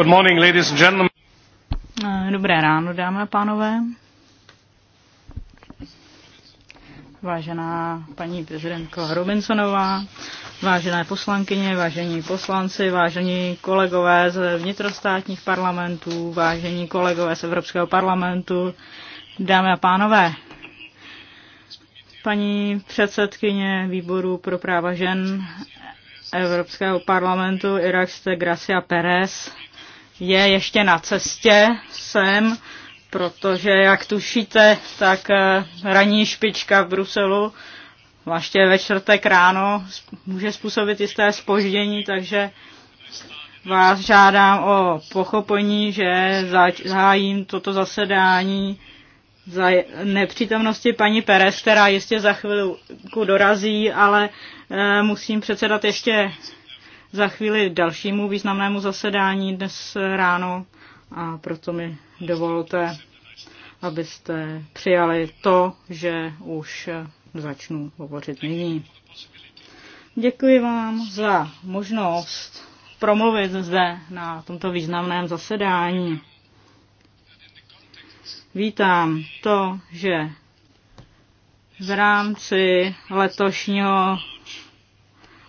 Good morning, ladies and gentlemen. Eh, dobré ráno, dámy a pánové. Vážená paní prezidentko Robinsonová, vážené poslankyně, vážení poslanci, vážení kolegové z vnitrostátních parlamentů, vážení kolegové z Evropského parlamentu, dámy a pánové. Paní předsedkyně výboru pro práva žen Evropského parlamentu Irakste Gracia Perez je ještě na cestě sem, protože jak tušíte, tak eh, ranní špička v Bruselu, vlastně ve čtvrtek ráno, může způsobit jisté spoždění, takže vás žádám o pochopení, že zahájím toto zasedání za nepřítomnosti paní Perez, která jistě za chvilku dorazí, ale eh, musím předsedat ještě za chvíli dalšímu významnému zasedání dnes ráno a proto mi dovolte, abyste přijali to, že už začnu hovořit nyní. Děkuji vám za možnost promluvit zde na tomto významném zasedání. Vítám to, že v rámci letošního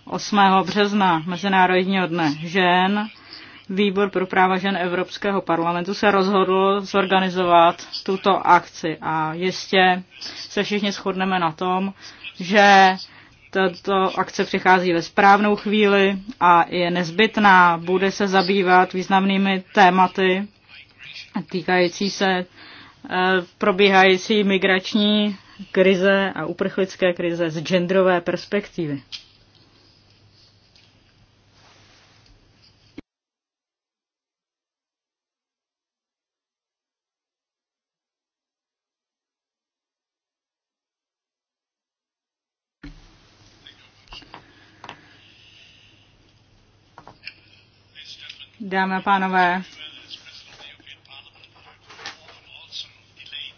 8. března, Mezinárodního dne žen, Výbor pro práva žen Evropského parlamentu se rozhodl zorganizovat tuto akci a jistě se všichni shodneme na tom, že tato akce přichází ve správnou chvíli a je nezbytná. Bude se zabývat významnými tématy týkající se eh, probíhající migrační krize a uprchlické krize z genderové perspektivy. dámy a pánové.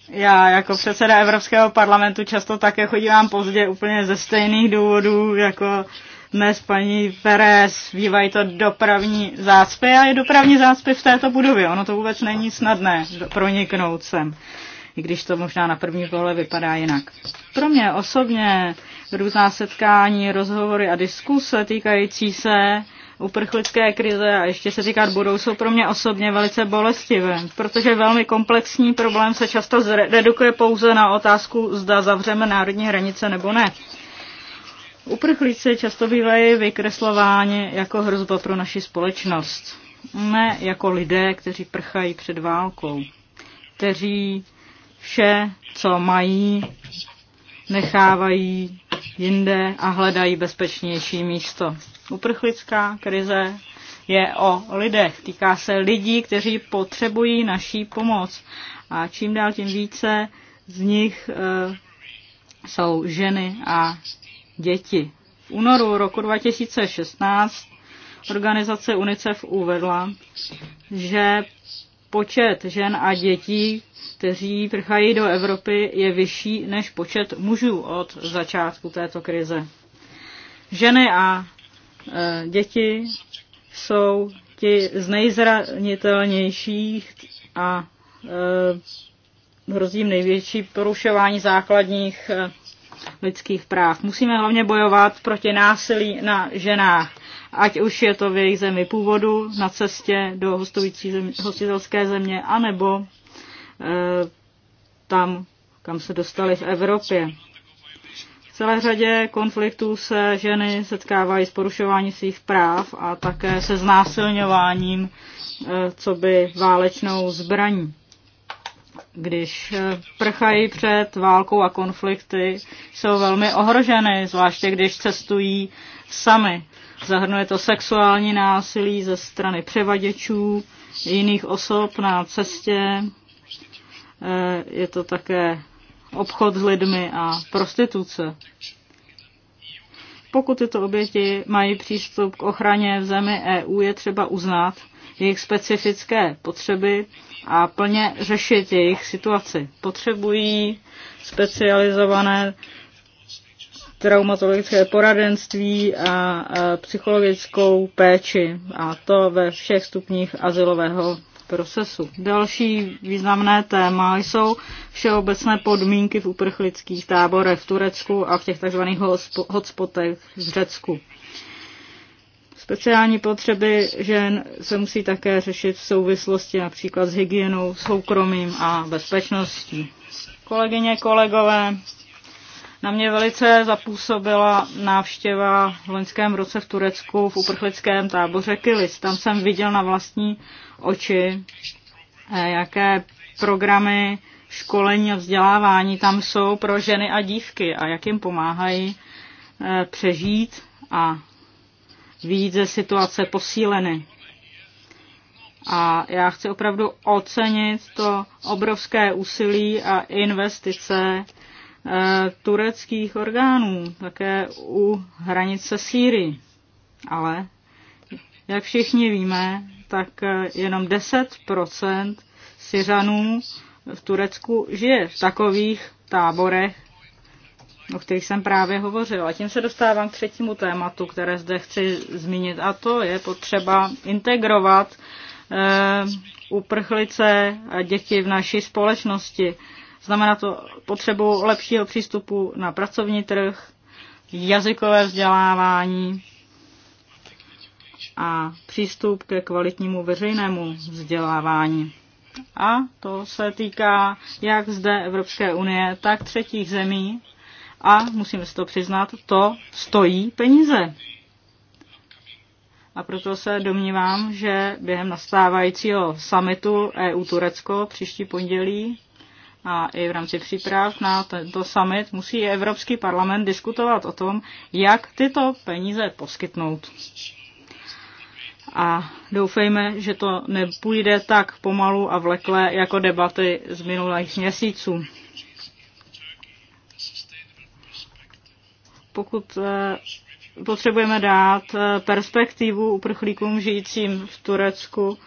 Já jako předseda Evropského parlamentu často také jako chodívám pozdě úplně ze stejných důvodů, jako dnes paní Perez, bývají to dopravní zácpy a je dopravní zácpy v této budově. Ono to vůbec není snadné proniknout sem, i když to možná na první pohled vypadá jinak. Pro mě osobně různá setkání, rozhovory a diskuse týkající se uprchlické krize a ještě se říkat budou, jsou pro mě osobně velice bolestivé, protože velmi komplexní problém se často zredukuje pouze na otázku, zda zavřeme národní hranice nebo ne. Uprchlíci často bývají vykreslováni jako hrozba pro naši společnost. Ne jako lidé, kteří prchají před válkou, kteří vše, co mají, nechávají jinde a hledají bezpečnější místo. Uprchlická krize je o lidech. Týká se lidí, kteří potřebují naší pomoc. A čím dál tím více z nich e, jsou ženy a děti. V únoru roku 2016 organizace UNICEF uvedla, že počet žen a dětí, kteří prchají do Evropy, je vyšší než počet mužů od začátku této krize. Ženy a Eh, děti jsou ti z nejzranitelnějších a eh, hrozí největší porušování základních eh, lidských práv. Musíme hlavně bojovat proti násilí na ženách, ať už je to v jejich zemi původu, na cestě do hostující země, hostitelské země, anebo e, tam, kam se dostali v Evropě. V celé řadě konfliktů se ženy setkávají s porušováním svých práv a také se znásilňováním eh, co by válečnou zbraní. Když eh, prchají před válkou a konflikty, jsou velmi ohroženy, zvláště když cestují sami. Zahrnuje to sexuální násilí ze strany převaděčů, jiných osob na cestě. Eh, je to také obchod s lidmi a prostituce. Pokud tyto oběti mají přístup k ochraně v zemi EU, je třeba uznat jejich specifické potřeby a plně řešit jejich situaci. Potřebují specializované traumatologické poradenství a psychologickou péči, a to ve všech stupních asilového procesu. Další významné téma jsou všeobecné podmínky v uprchlických táborech v Turecku a v těch tzv. hotspotech v Řecku. Speciální potřeby žen se musí také řešit v souvislosti například s hygienou, soukromím a bezpečností. Kolegyně, kolegové, na mě velice zapůsobila návštěva v loňském roce v Turecku v uprchlickém táboře Kilis. Tam jsem viděl na vlastní oči, eh, jaké programy školení a vzdělávání tam jsou pro ženy a dívky a jak jim pomáhají eh, přežít a výjít ze situace posíleny. A já chci opravdu ocenit to obrovské úsilí a investice Eh, tureckých orgánů, také u hranice Sýrii. Ale, jak všichni víme, tak eh, jenom 10 Syřanů v Turecku žije v takových táborech, o kterých jsem právě hovořil. A tím se dostávám k třetímu tématu, které zde chci zmínit, a to je potřeba integrovat e, uprchlice a děti v naší společnosti. Znamená to potřebu lepšího přístupu na pracovní trh, jazykové vzdělávání a přístup ke kvalitnímu veřejnému vzdělávání. A to se týká jak zde Evropské unie, tak třetích zemí. A musím si to přiznat, to stojí peníze. A proto se domnívám, že během nastávajícího summitu EU-Turecko příští pondělí a i v rámci příprav na tento summit musí Evropský parlament diskutovat o tom, jak tyto peníze poskytnout. A doufejme, že to nepůjde tak pomalu a vleklé, jako debaty z minulých měsíců. Pokud eh, potřebujeme dát eh, perspektivu uprchlíkům žijícím v Turecku,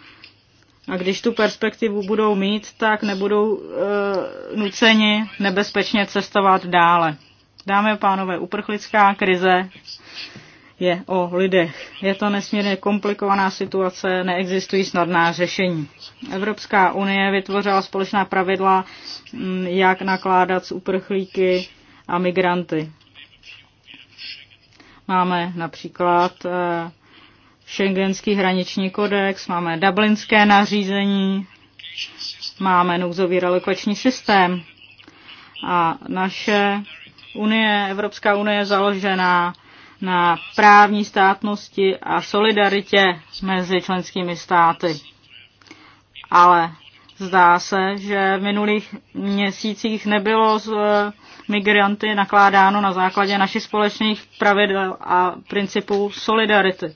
a když tu perspektivu budou mít, tak nebudou e, nuceni nebezpečně cestovat dále. Dámy a pánové, uprchlická krize je o lidech. Je to nesmírně komplikovaná situace, neexistují snadná řešení. Evropská unie vytvořila společná pravidla, mm, jak nakládat s uprchlíky a migranty. Máme například e, Schengenský hraniční kodex, máme dublinské nařízení, máme nouzový relokační systém. A naše unie, Evropská unie je založená na právní státnosti a solidaritě mezi členskými státy. Ale zdá se, že v minulých měsících nebylo z eh, migranty nakládáno na základě našich společných pravidel a principů solidarity.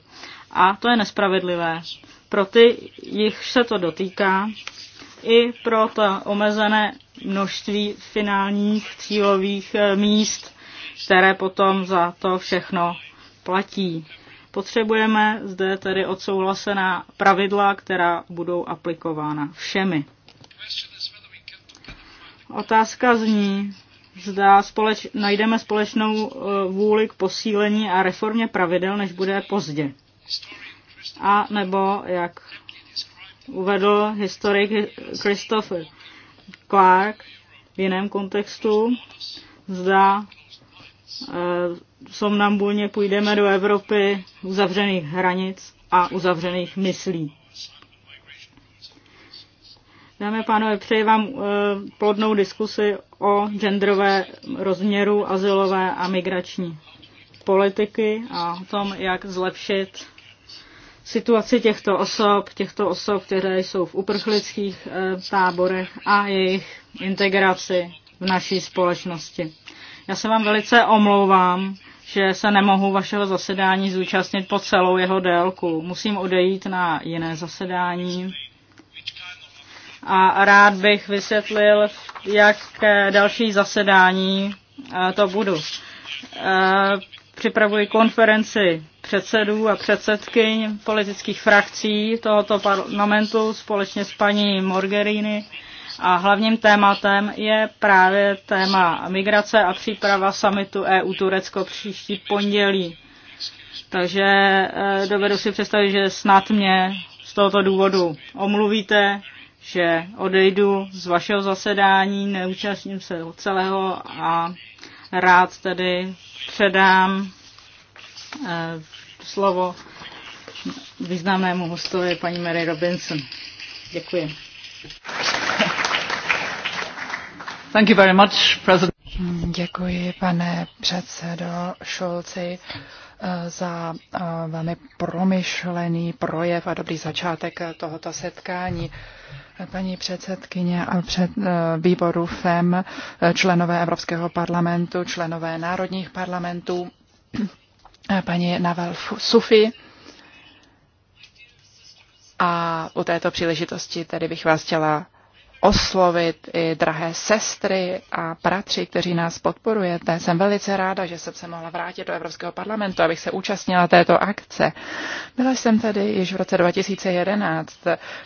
A to je nespravedlivé. Pro ty, jich se to dotýká, i pro to omezené množství finálních cílových eh, míst, které potom za to všechno platí. Potřebujeme zde tedy odsouhlasená pravidla, která budou aplikována všemi. Otázka zní, zda společ, najdeme společnou eh, vůli k posílení a reformě pravidel, než bude pozdě. A nebo, jak uvedl historik Christopher Clark v jiném kontextu, zda eh, v somnambulně půjdeme do Evropy uzavřených hranic a uzavřených myslí. Dámy a pánové, přeji vám eh, plodnou diskusi o genderové rozměru azylové a migrační politiky a o tom, jak zlepšit situaci těchto osob, těchto osob, které jsou v uprchlických eh, táborech a jejich integraci v naší společnosti. Já se vám velice omlouvám, že se nemohu vašeho zasedání zúčastnit po celou jeho délku. Musím odejít na jiné zasedání. A rád bych vysvětlil, jak další zasedání eh, to budu. Eh, připravuji konferenci předsedů a předsedkyň politických frakcí tohoto parlamentu společně s paní Morgerini. A hlavním tématem je právě téma migrace a příprava samitu EU Turecko příští pondělí. Takže eh, dovedu si představit, že snad mě z tohoto důvodu omluvíte, že odejdu z vašeho zasedání, neúčastním se od celého a rád tedy předám eh, slovo významnému hostovi paní Mary Robinson. Děkuji. Thank you very much, President. Děkuji, pane předsedo Šolci. Eh, za eh, velmi promyšlený projev a dobrý začátek tohoto setkání. Paní předsedkyně a před eh, výboru FEM, členové Evropského parlamentu, členové národních parlamentů, paní Navel Sufi, a u této příležitosti tedy bych vás chtěla oslovit i drahé sestry a bratři, kteří nás podporujete. Jsem velice ráda, že jsem se mohla vrátit do Evropského parlamentu, abych se účastnila této akce. Byla jsem tady již v roce 2011,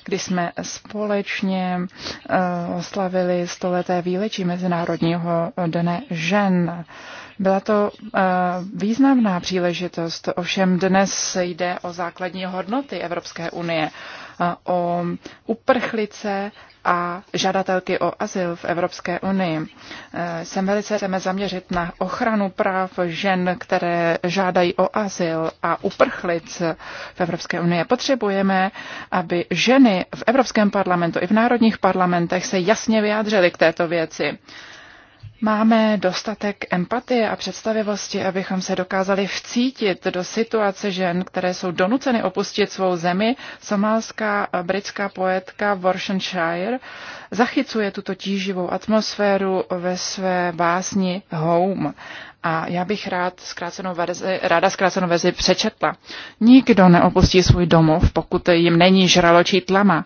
kdy jsme společně eh, oslavili stoleté výlečí Mezinárodního dne žen. Byla to eh, významná příležitost, ovšem dnes jde o základní hodnoty Evropské unie, eh, o uprchlice a žadatelky o azyl v Evropské unii. Eh, jsem velice chceme zaměřit na ochranu práv žen, které žádají o azyl a uprchlic v Evropské unii. Potřebujeme, aby ženy v Evropském parlamentu i v národních parlamentech se jasně vyjádřily k této věci máme dostatek empatie a představivosti, abychom se dokázali vcítit do situace žen, které jsou donuceny opustit svou zemi. Somálská britská poetka Worcestershire zachycuje tuto tíživou atmosféru ve své básni Home. A já bych rád zkrácenou verzi, ráda zkrácenou verzi přečetla. Nikdo neopustí svůj domov, pokud jim není žraločí tlama.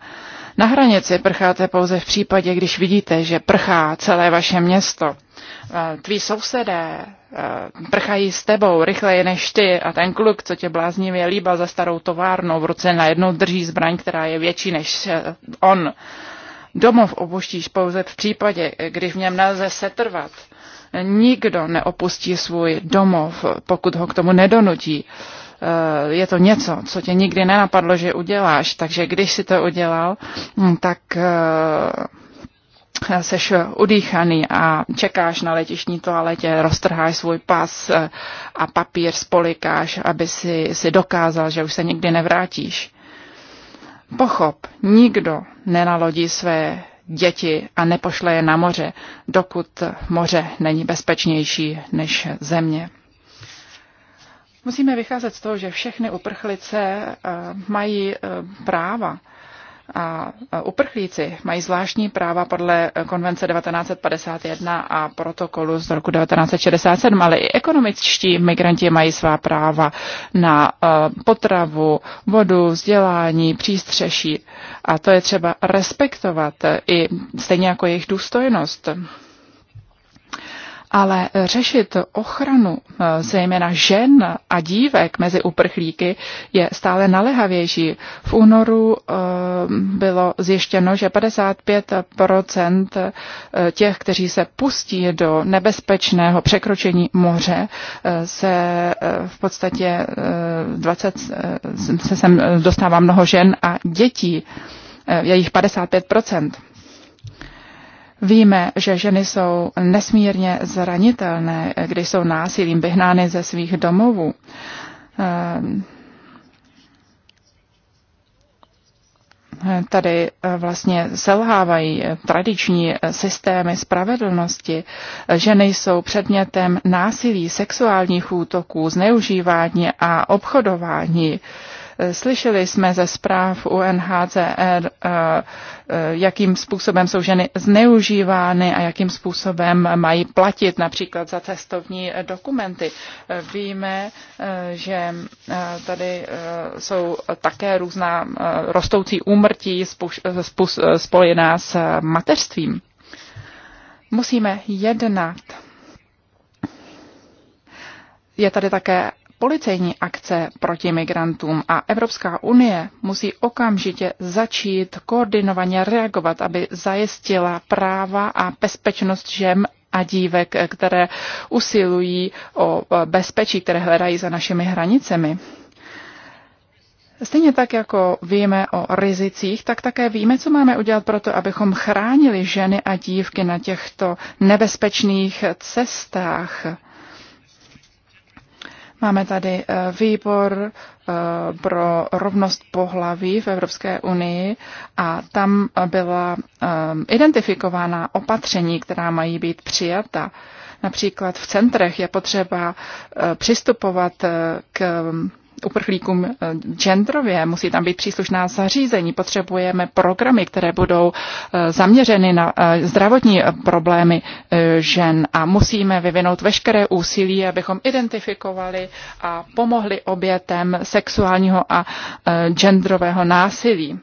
Na hranici prcháte pouze v případě, když vidíte, že prchá celé vaše město. Tví sousedé prchají s tebou rychleji než ty a ten kluk, co tě bláznivě líbá, za starou továrnou, v ruce najednou drží zbraň, která je větší než eh, on. Domov opuštíš pouze v případě, kdy v něm nelze setrvat. Nikdo neopustí svůj domov, pokud ho k tomu nedonutí. Eh, je to něco, co tě nikdy nenapadlo, že uděláš. Takže když si to udělal, hm, tak eh, seš udýchaný a čekáš na letišní toaletě, roztrháš svůj pas eh, a papír spolikáš, aby si, si dokázal, že už se nikdy nevrátíš. Pochop, nikdo nenalodí své děti a nepošle je na moře, dokud moře není bezpečnější než země. Musíme vycházet z toho, že všechny uprchlice eh, mají eh, práva a eh, uprchlíci mají zvláštní práva podle konvence 1951 a protokolu z roku 1967, ale i ekonomičtí migranti mají svá práva na potravu, vodu, vzdělání, přístřeší a to je třeba respektovat i stejně jako jejich důstojnost ale řešit ochranu eh, zejména žen a dívek mezi uprchlíky je stále nalehavější. V únoru eh, bylo zjištěno, že 55 eh, těch, kteří se pustí do nebezpečného překročení moře, se v podstatě 20, se sem dostává mnoho žen a dětí, je jich 55 Víme, že ženy jsou nesmírně zranitelné, když jsou násilím vyhnány ze svých domovů. Ehm, tady eh, vlastně selhávají tradiční systémy spravedlnosti. Ženy jsou předmětem násilí, sexuálních útoků, zneužívání a obchodování. Slyšeli jsme ze zpráv UNHCR, eh, eh, jakým způsobem jsou ženy zneužívány a jakým způsobem mají platit například za cestovní dokumenty. Eh, víme, že tady jsou také různá rostoucí úmrtí spojená s mateřstvím. Musíme jednat. Je tady také policejní akce proti migrantům a Evropská unie musí okamžitě začít koordinovaně reagovat, aby zajistila práva a bezpečnost žen a dívek, které usilují o bezpečí, které hledají za našimi hranicemi. Stejně tak, jako víme o rizicích, tak také víme, co máme udělat pro to, abychom chránili ženy a dívky na těchto nebezpečných cestách. Máme tady eh, výbor eh, pro rovnost pohlaví v Evropské unii a tam byla eh, identifikována opatření, která mají být přijata. Například v centrech je potřeba přistupovat k uprchlíkům eh, genderově, musí tam být příslušná zařízení, potřebujeme programy, které budou eh, zaměřeny na eh, zdravotní problémy žen a musíme vyvinout veškeré úsilí, abychom identifikovali a pomohli obětem sexuálního a genderového násilí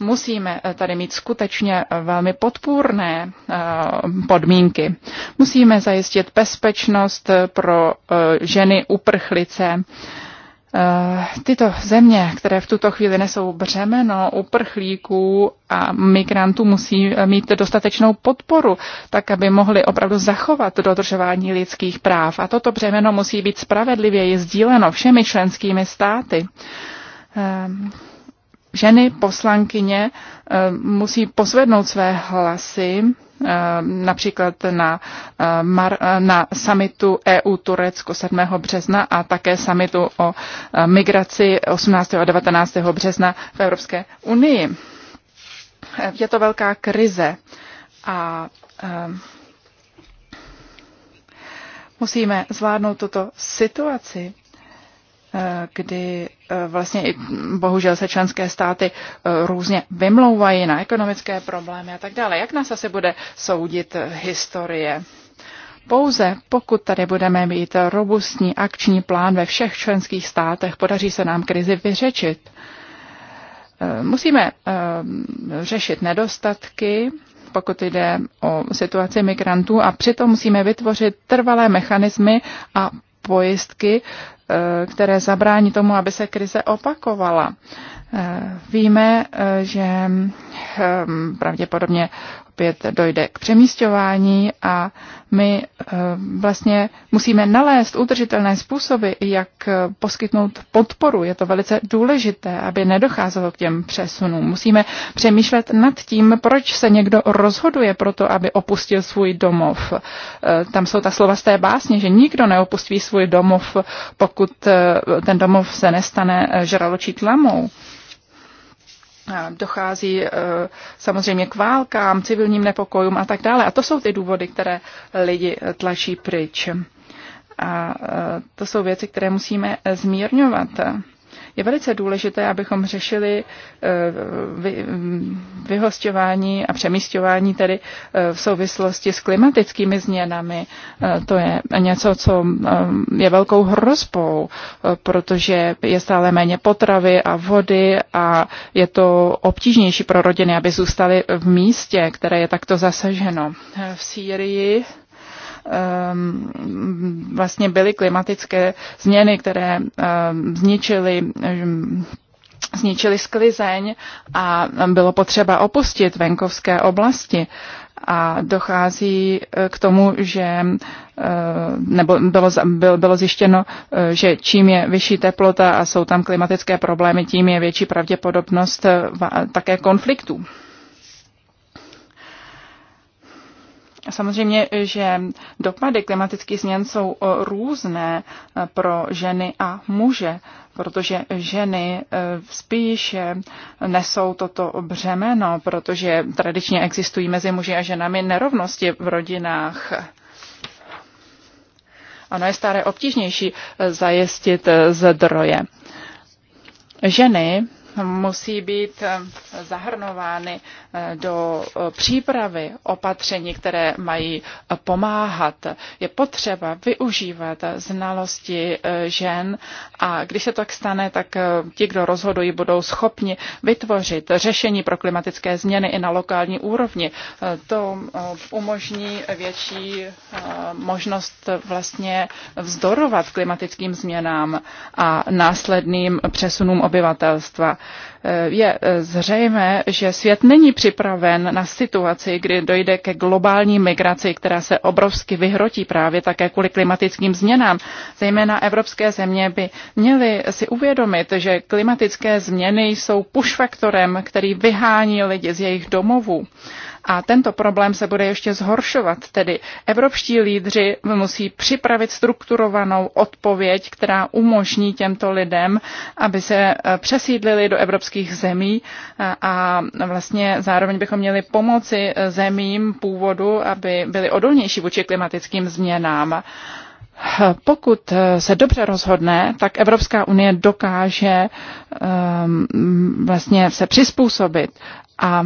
musíme tady mít skutečně velmi podpůrné podmínky. Musíme zajistit bezpečnost pro ženy uprchlice Eh, tyto země, které v tuto chvíli nesou břemeno uprchlíků a migrantů, musí mít dostatečnou podporu, tak aby mohly opravdu zachovat dodržování lidských práv. A toto břemeno musí být spravedlivěji sdíleno všemi členskými státy. Ehm, ženy poslankyně eh, musí posvednout své hlasy eh, například na, eh, mar, na samitu EU Turecko 7. března a také samitu o migraci 18. a 19. března v Evropské unii. Je to velká krize a musíme zvládnout tuto situaci kdy eh, vlastně i bohužel se členské státy eh, různě vymlouvají na ekonomické problémy a tak dále. Jak nás asi bude soudit eh, historie? Pouze pokud tady budeme mít robustní akční plán ve všech členských státech, podaří se nám krizi vyřečit. Musíme řešit nedostatky, pokud jde o situaci migrantů, a přitom musíme vytvořit trvalé mechanismy a pojistky, eh, které zabrání tomu, aby se krize opakovala. Eh, víme, eh, že pravděpodobně opět dojde k přemístování a my eh, vlastně musíme nalézt udržitelné způsoby, jak eh, poskytnout podporu. Je to velice důležité, aby nedocházelo k těm přesunům. Musíme přemýšlet nad tím, proč se někdo rozhoduje pro to, aby opustil svůj domov. Eh, tam jsou ta slova z té básně, že nikdo neopustí svůj domov, pokud ten domov se nestane žraločí tlamou dochází e, samozřejmě k válkám, civilním nepokojům a tak dále. A to jsou ty důvody, které lidi tlačí pryč. A e, to jsou věci, které musíme zmírňovat. Je velice důležité, abychom řešili eh, vy, mm, vyhostování a přemístování tedy eh, v souvislosti s klimatickými změnami. Eh, to je něco, co mm, je velkou hrozbou, protože je stále méně potravy a vody a je to obtížnější pro rodiny, aby zůstaly v místě, které je takto zasaženo. V Sýrii Ehm, vlastně byly klimatické změny, které ehm, zničily ehm, zničili sklizeň a bylo potřeba opustit venkovské oblasti. A dochází eh, k tomu, že eh, nebo bylo, bylo zjištěno, eh, že čím je vyšší teplota a jsou tam klimatické problémy, tím je větší pravděpodobnost také konfliktů. Samozřejmě, že dopady klimatických změn jsou eh, různé eh, pro ženy a muže, protože ženy eh, spíše nesou toto břemeno, protože tradičně existují mezi muži a ženami nerovnosti v rodinách. Ano, je staré obtížnější zajistit zdroje. Ženy musí být eh, zahrnovány eh, do eh, přípravy opatření, které mají pomáhat. Je potřeba využívat znalosti žen a když se tak stane, tak ti, kdo rozhodují, budou schopni vytvořit řešení pro klimatické změny i na lokální úrovni. To umožní větší možnost vlastně vzdorovat klimatickým změnám a následným přesunům obyvatelstva. Eh, je eh, zřejmé, že svět není připraven na situaci, kdy dojde ke globální migraci, která se obrovsky vyhrotí právě také kvůli klimatickým změnám. Zejména evropské země by měly si uvědomit, že klimatické změny jsou push který vyhání lidi z jejich domovů. A tento problém se bude ještě zhoršovat, tedy evropští lídři musí připravit strukturovanou odpověď, která umožní těmto lidem, aby se eh, přesídlili do evropských zemí eh, a vlastně zároveň bychom měli pomoci eh, zemím původu, aby byly odolnější vůči klimatickým změnám. Pokud se dobře rozhodne, tak Evropská unie dokáže um, vlastně se přizpůsobit a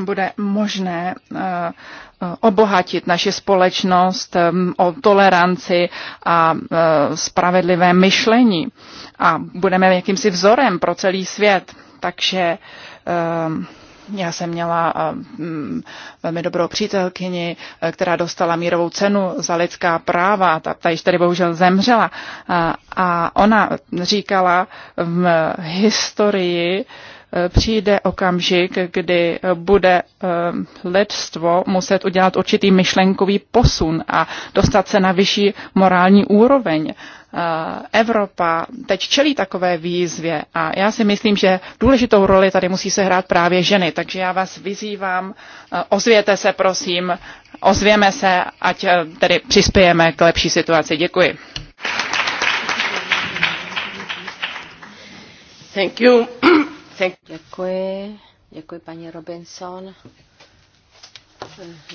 bude možné eh, obohatit naši společnost eh, o toleranci a eh, spravedlivé myšlení a budeme jakýmsi vzorem pro celý svět. Takže já jsem měla mm, velmi dobrou přítelkyni, která dostala mírovou cenu za lidská práva, ta, ta již tady bohužel zemřela. A ona říkala v historii, Eh, přijde okamžik, kdy eh, bude eh, lidstvo muset udělat určitý myšlenkový posun a dostat se na vyšší morální úroveň. Evropa teď čelí takové výzvě a já si myslím, že důležitou roli tady musí se hrát právě ženy, takže já vás vyzývám, ozvěte se prosím, ozvěme se, ať tedy přispějeme k lepší situaci. Děkuji. Thank you. Děkuji. Děkuji, paní Robinson.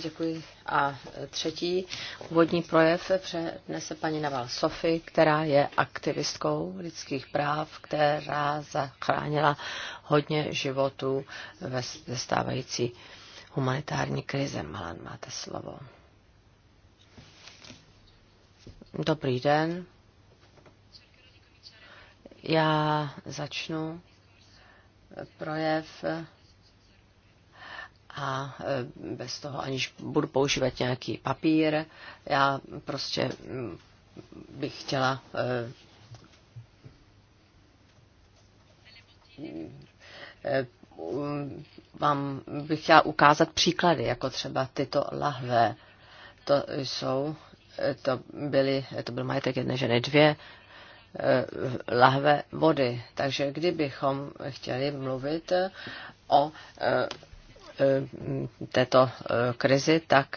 Děkuji. A třetí úvodní projev přednese paní Naval Sofy, která je aktivistkou lidských práv, která zachránila hodně životů ve stávající humanitární krize. Malan, máte slovo. Dobrý den. Já začnu projev a e, bez toho, aniž budu používat nějaký papír, já prostě mm, bych chtěla e, e, mm, vám bych chtěla ukázat příklady, jako třeba tyto lahve. To jsou, to byly, to byl majetek jedné ženy, dvě Eh, lahve vody. Takže kdybychom chtěli mluvit eh, o eh, této krizi, tak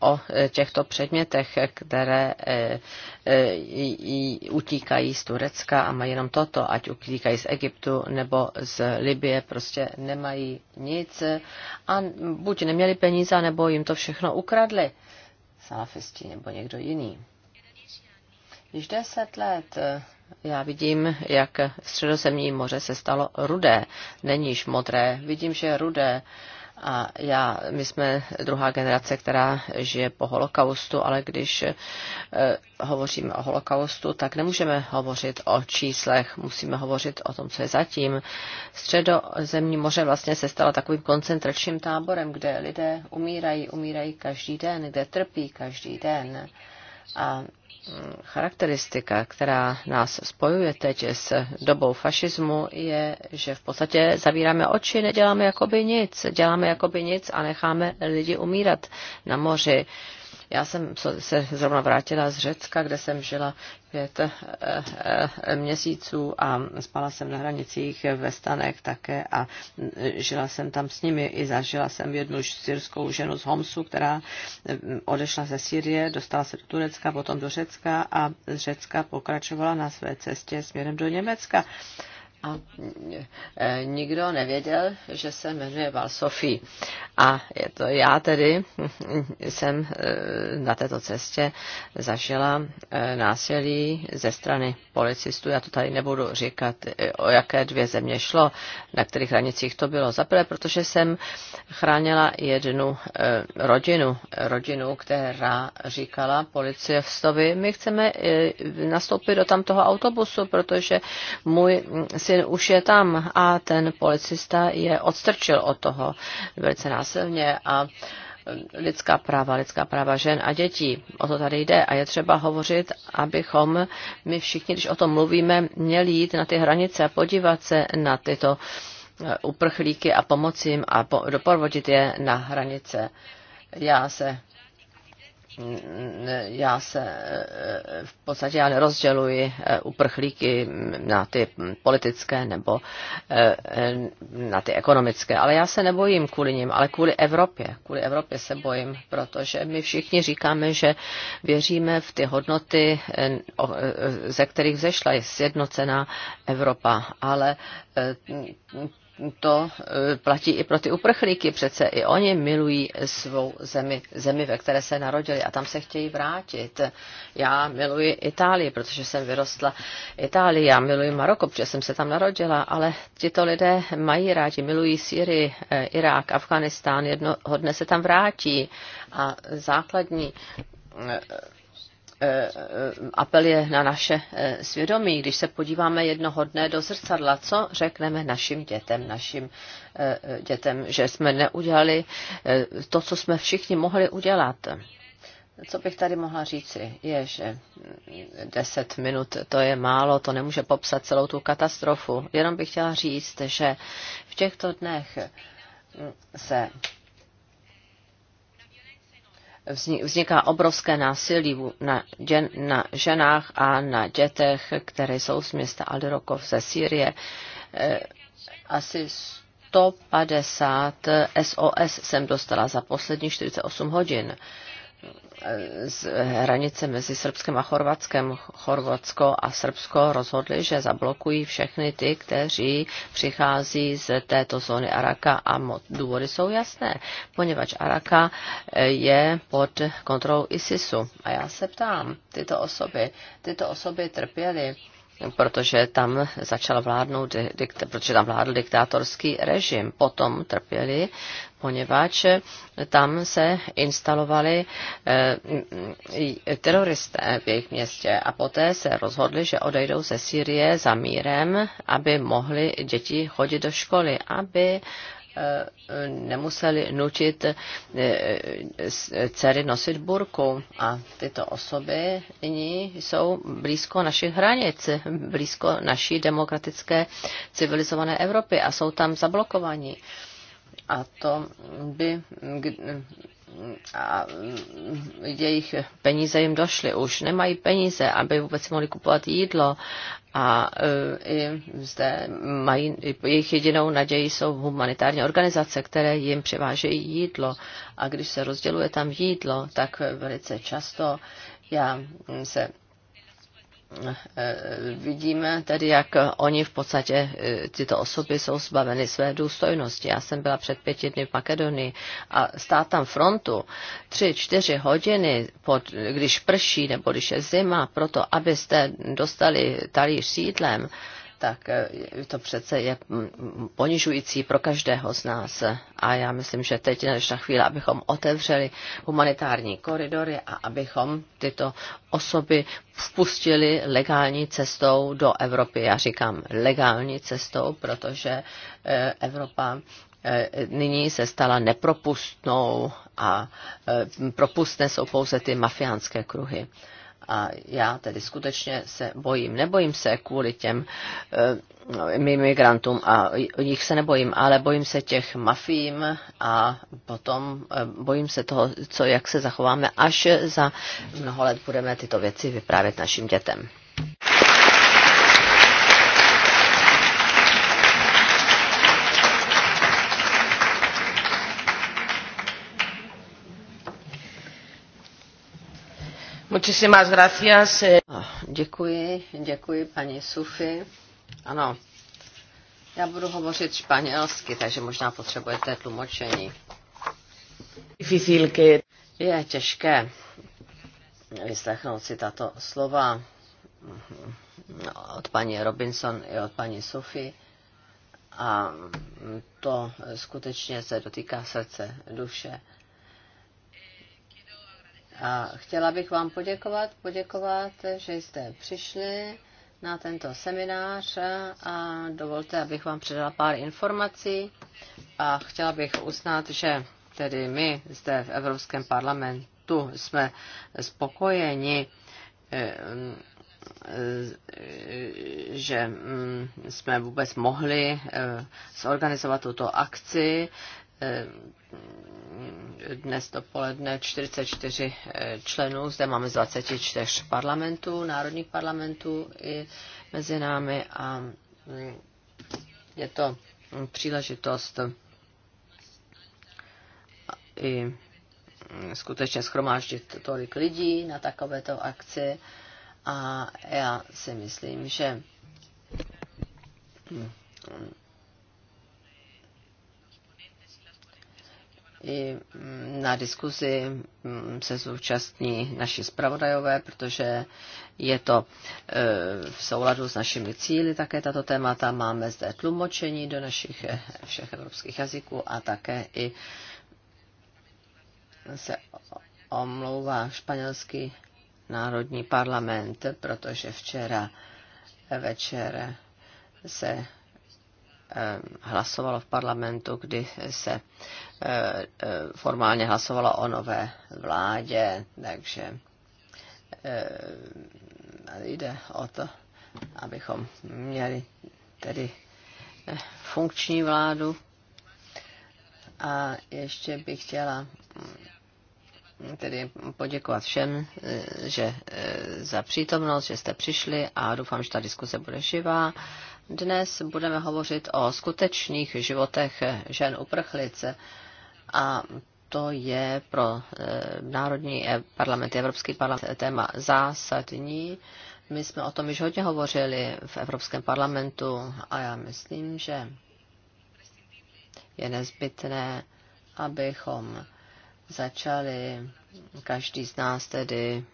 o těchto předmětech, které utíkají z Turecka a mají jenom toto, ať utíkají z Egyptu nebo z Libie, prostě nemají nic a buď neměli peníze, nebo jim to všechno ukradli salafisti nebo někdo jiný. Již deset let eh, já vidím, jak středozemní moře se stalo rudé. Není již modré, vidím, že je rudé. A já, my jsme druhá generace, která žije po holokaustu, ale když e, hovoříme o holokaustu, tak nemůžeme hovořit o číslech, musíme hovořit o tom, co je zatím. Středozemní moře vlastně se stalo takovým koncentračním táborem, kde lidé umírají, umírají každý den, kde trpí každý den. A mm, charakteristika, která nás spojuje teď s dobou fašismu, je, že v podstatě zavíráme oči, neděláme jakoby nic, děláme jakoby nic a necháme lidi umírat na moři. Já jsem se zrovna vrátila z Řecka, kde jsem žila pět eh, eh, měsíců a spala jsem na hranicích ve stanech také a eh, žila jsem tam s nimi i zažila jsem jednu syrskou ženu z Homsu, která odešla ze Syrie, dostala se do Turecka, potom do Řecka a z Řecka pokračovala na své cestě směrem do Německa a e, nikdo nevěděl, že se jmenuje Val Sofí. A je to já tedy jsem e, na této cestě zažila e, násilí ze strany policistů. Já to tady nebudu říkat, o jaké dvě země šlo, na kterých hranicích to bylo. Zaprvé, protože jsem chránila jednu rodinu, rodinu, která říkala policistovi, my chceme nastoupit do tamtoho autobusu, protože můj syn syn už je tam a ten policista je odstrčil od toho velice násilně a lidská práva, lidská práva žen a dětí. O to tady jde a je třeba hovořit, abychom my všichni, když o tom mluvíme, měli jít na ty hranice a podívat se na tyto eh, uprchlíky a pomoci jim a doprovodit je na hranice. Já se já se eh, v podstatě já nerozděluji eh, uprchlíky na ty politické nebo eh, na ty ekonomické, ale já se nebojím kvůli nim, ale kvůli Evropě. Kvůli Evropě se bojím, protože my všichni říkáme, že věříme v ty hodnoty, ze kterých vzešla je sjednocená Evropa, ale to eh, platí i pro ty uprchlíky. Přece i oni milují svou zemi, zemi, ve které se narodili a tam se chtějí vrátit. Já miluji Itálii, protože jsem vyrostla Itálii, já miluji Maroko, protože jsem se tam narodila, ale tito lidé mají rádi, milují Syrii, eh, Irák, Afganistán, jednoho dne se tam vrátí a základní eh, Eh, apel je na naše eh, svědomí. Když se podíváme jednoho dne do zrcadla, co řekneme našim dětem, našim eh, dětem, že jsme neudělali to, co jsme všichni mohli udělat. Co bych tady mohla říci, je, že deset minut to je málo, to nemůže popsat celou tu katastrofu. Jenom bych chtěla říct, že v těchto dnech se vzniká obrovské násilí na, žen, na ženách a na dětech, které jsou z města Alirokov ze Sýrie. E, asi 150 SOS jsem dostala za poslední 48 hodin z hranice mezi Srbskem a Chorvatskem, Chorvatsko a Srbsko rozhodli, že zablokují všechny ty, kteří přichází z této zóny Araka a důvody jsou jasné, poněvadž Araka eh, je pod kontrolou ISISu. A já se ptám, tyto osoby, tyto osoby trpěly protože tam začal vládnout, dikt, protože tam vládl diktátorský režim. Potom trpěli, poněvadž tam se instalovali eh, teroristé v jejich městě a poté se rozhodli, že odejdou ze Sýrie za mírem, aby mohli děti chodit do školy, aby nemuseli nučit eh, dcery nosit burku. A tyto osoby nyní jsou blízko našich hranic, blízko naší demokratické civilizované Evropy a jsou tam zablokovaní. A to by a mm, jejich peníze jim došly už. Nemají peníze, aby vůbec mohli kupovat jídlo a e, i zde mají, jejich jedinou naději jsou humanitární organizace, které jim převážejí jídlo. A když se rozděluje tam jídlo, tak velice často já se Eh, vidíme tedy, jak oni v podstatě, eh, tyto osoby jsou zbaveny své důstojnosti. Já jsem byla před pěti dny v Makedonii a stát tam frontu tři, čtyři hodiny, pod, když prší nebo když je zima, proto abyste dostali talíř sídlem, tak eh, to přece je ponižující pro každého z nás. A já myslím, že teď je na chvíli, abychom otevřeli humanitární koridory a abychom tyto osoby vpustili legální cestou do Evropy. Já říkám legální cestou, protože eh, Evropa eh, nyní se stala nepropustnou a propustné jsou pouze ty mafiánské kruhy. A já tedy skutečně se bojím. Nebojím se kvůli těm e, migrantům a jich se nebojím, ale bojím se těch mafím a potom e, bojím se toho, co, jak se zachováme, až za mnoho let budeme tyto věci vyprávět našim dětem. Muchísimas gracias. Eh. Děkuji, děkuji paní Sufi. Ano, já budu hovořit španělsky, takže možná potřebujete tlumočení. Je těžké vyslechnout si tato slova mhm, od paní Robinson i od paní Sufi. A to skutečně se dotýká srdce, duše. A chtěla bych vám poděkovat, poděkovat, že jste přišli na tento seminář a dovolte, abych vám předala pár informací a chtěla bych uznat, že tedy my zde v Evropském parlamentu jsme spokojeni, eh, eh, že mm, jsme vůbec mohli eh, zorganizovat tuto akci dnes dopoledne 44 eh, členů, zde máme z 24 parlamentů, národních parlamentů i mezi námi a mm, je to příležitost i mm, skutečně schromáždit tolik lidí na takovéto akci a já si myslím, že mm, i mm, na diskuzi mm, se zúčastní naši zpravodajové, protože je to e, v souladu s našimi cíly také tato témata. Máme zde tlumočení do našich e, všech evropských jazyků a také i se omlouvá španělský národní parlament, protože včera večer se Eh, hlasovalo v parlamentu, kdy se eh, eh, formálně hlasovalo o nové vládě, takže jde o to, abychom měli tedy funkční vládu. A ještě bych chtěla mm, tedy poděkovat všem, že za přítomnost, že jste přišli a doufám, že ta diskuse bude živá dnes budeme hovořit o skutečných životech žen uprchlic a to je pro e, Národní parlament, Evropský parlament téma zásadní. My jsme o tom již hodně hovořili v Evropském parlamentu a já myslím, že je nezbytné, abychom začali každý z nás tedy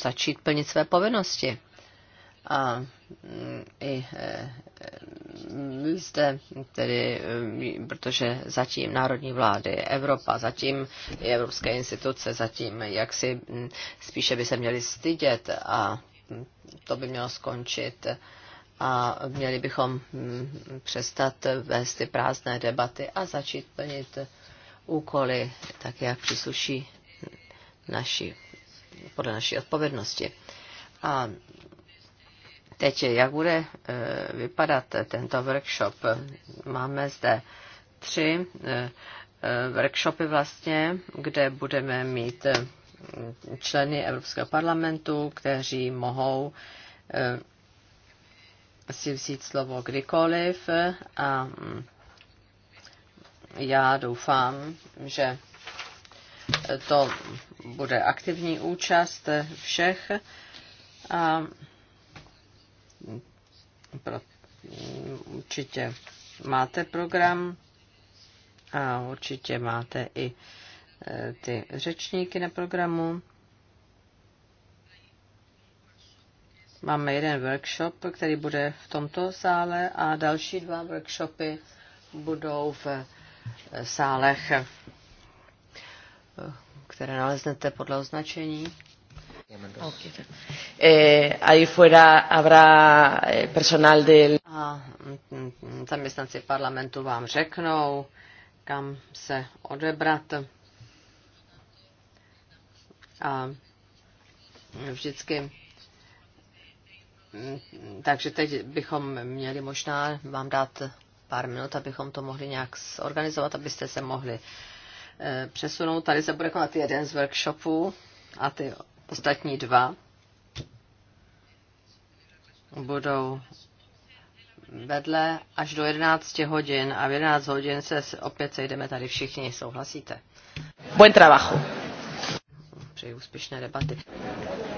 začít plnit své povinnosti a mm, i e, e, zde, tedy, e, protože zatím národní vlády, Evropa, zatím i evropské instituce, zatím jak si mm, spíše by se měli stydět a mm, to by mělo skončit a měli bychom přestat vést ty prázdné debaty a začít plnit úkoly tak, jak přísluší naši, podle naší odpovědnosti. A Teď, jak bude eh, vypadat tento workshop? Máme zde tři eh, eh, workshopy vlastně, kde budeme mít členy Evropského parlamentu, kteří mohou si vzít slovo kdykoliv a mm, já doufám, že to bude aktivní účast všech a pro, určitě máte program a určitě máte i e, ty řečníky na programu. Máme jeden workshop, který bude v tomto sále a další dva workshopy budou v e, sálech, e, které naleznete podle označení. Eh, ahí fuera habrá eh, personal del... A mm, zaměstnanci parlamentu vám řeknou, kam se odebrat. A vždycky mm, takže teď bychom měli možná vám dát pár minut, abychom to mohli nějak zorganizovat, abyste se mohli eh, přesunout. Tady se bude konat jeden z workshopů a ty Ostatní dva budou vedle až do 11 hodin a v 11 hodin se opět sejdeme tady všichni. Souhlasíte? Buen trabajo. Přeji úspěšné debaty.